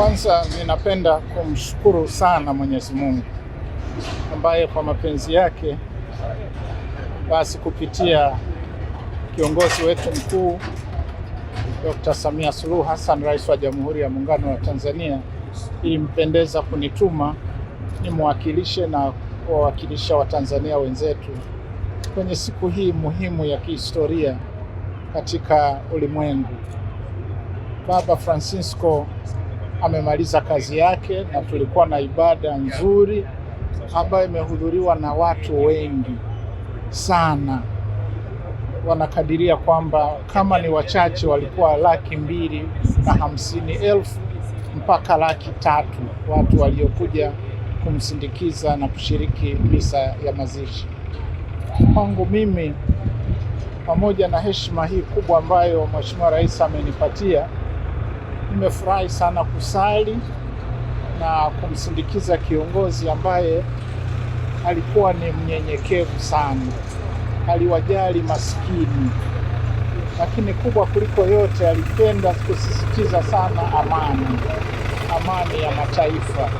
Kwanza ninapenda kumshukuru sana Mwenyezi Mungu ambaye kwa mapenzi yake basi kupitia kiongozi wetu mkuu Dr. Samia Suluhu Hassan, Rais wa Jamhuri ya Muungano wa Tanzania, ilimpendeza kunituma nimwakilishe na kuwawakilisha Watanzania wenzetu kwenye siku hii muhimu ya kihistoria katika ulimwengu. Baba Francisco amemaliza kazi yake na tulikuwa na ibada nzuri ambayo imehudhuriwa na watu wengi sana. Wanakadiria kwamba kama ni wachache walikuwa laki mbili na hamsini elfu mpaka laki tatu watu waliokuja kumsindikiza na kushiriki misa ya mazishi. Kwangu mimi, pamoja na heshima hii kubwa ambayo Mheshimiwa Rais amenipatia Nimefurahi sana kusali na kumsindikiza kiongozi ambaye alikuwa ni mnyenyekevu sana, aliwajali maskini, lakini kubwa kuliko yote alipenda kusisitiza sana amani, amani ya mataifa.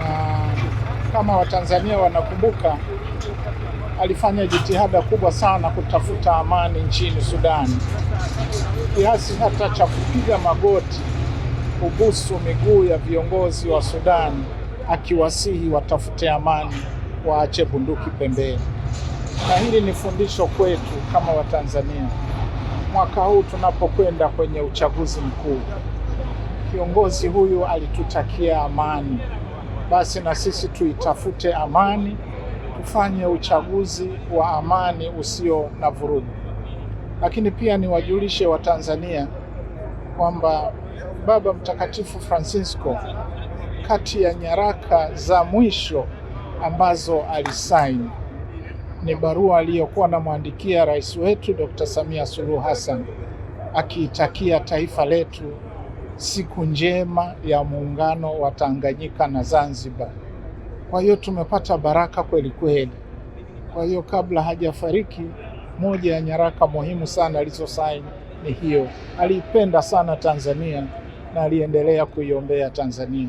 Na kama Watanzania wanakumbuka alifanya jitihada kubwa sana kutafuta amani nchini Sudani kiasi hata cha kupiga magoti kubusu miguu ya viongozi wa Sudani akiwasihi watafute amani, waache bunduki pembeni. Na hili ni fundisho kwetu kama Watanzania, mwaka huu tunapokwenda kwenye uchaguzi mkuu. Kiongozi huyu alitutakia amani, basi na sisi tuitafute amani kufanya uchaguzi wa amani usio na vurugu. Lakini pia niwajulishe Watanzania kwamba Baba Mtakatifu Francisco, kati ya nyaraka za mwisho ambazo alisaini ni barua aliyokuwa anamwandikia rais wetu Dr. Samia Suluhu Hassan akiitakia taifa letu siku njema ya muungano wa Tanganyika na Zanzibar. Kwa hiyo tumepata baraka kweli kweli. Kwa hiyo kabla hajafariki, moja ya nyaraka muhimu sana alizosaini ni hiyo. Aliipenda sana Tanzania na aliendelea kuiombea Tanzania.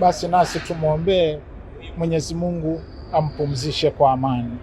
Basi nasi tumwombee Mwenyezi Mungu ampumzishe kwa amani.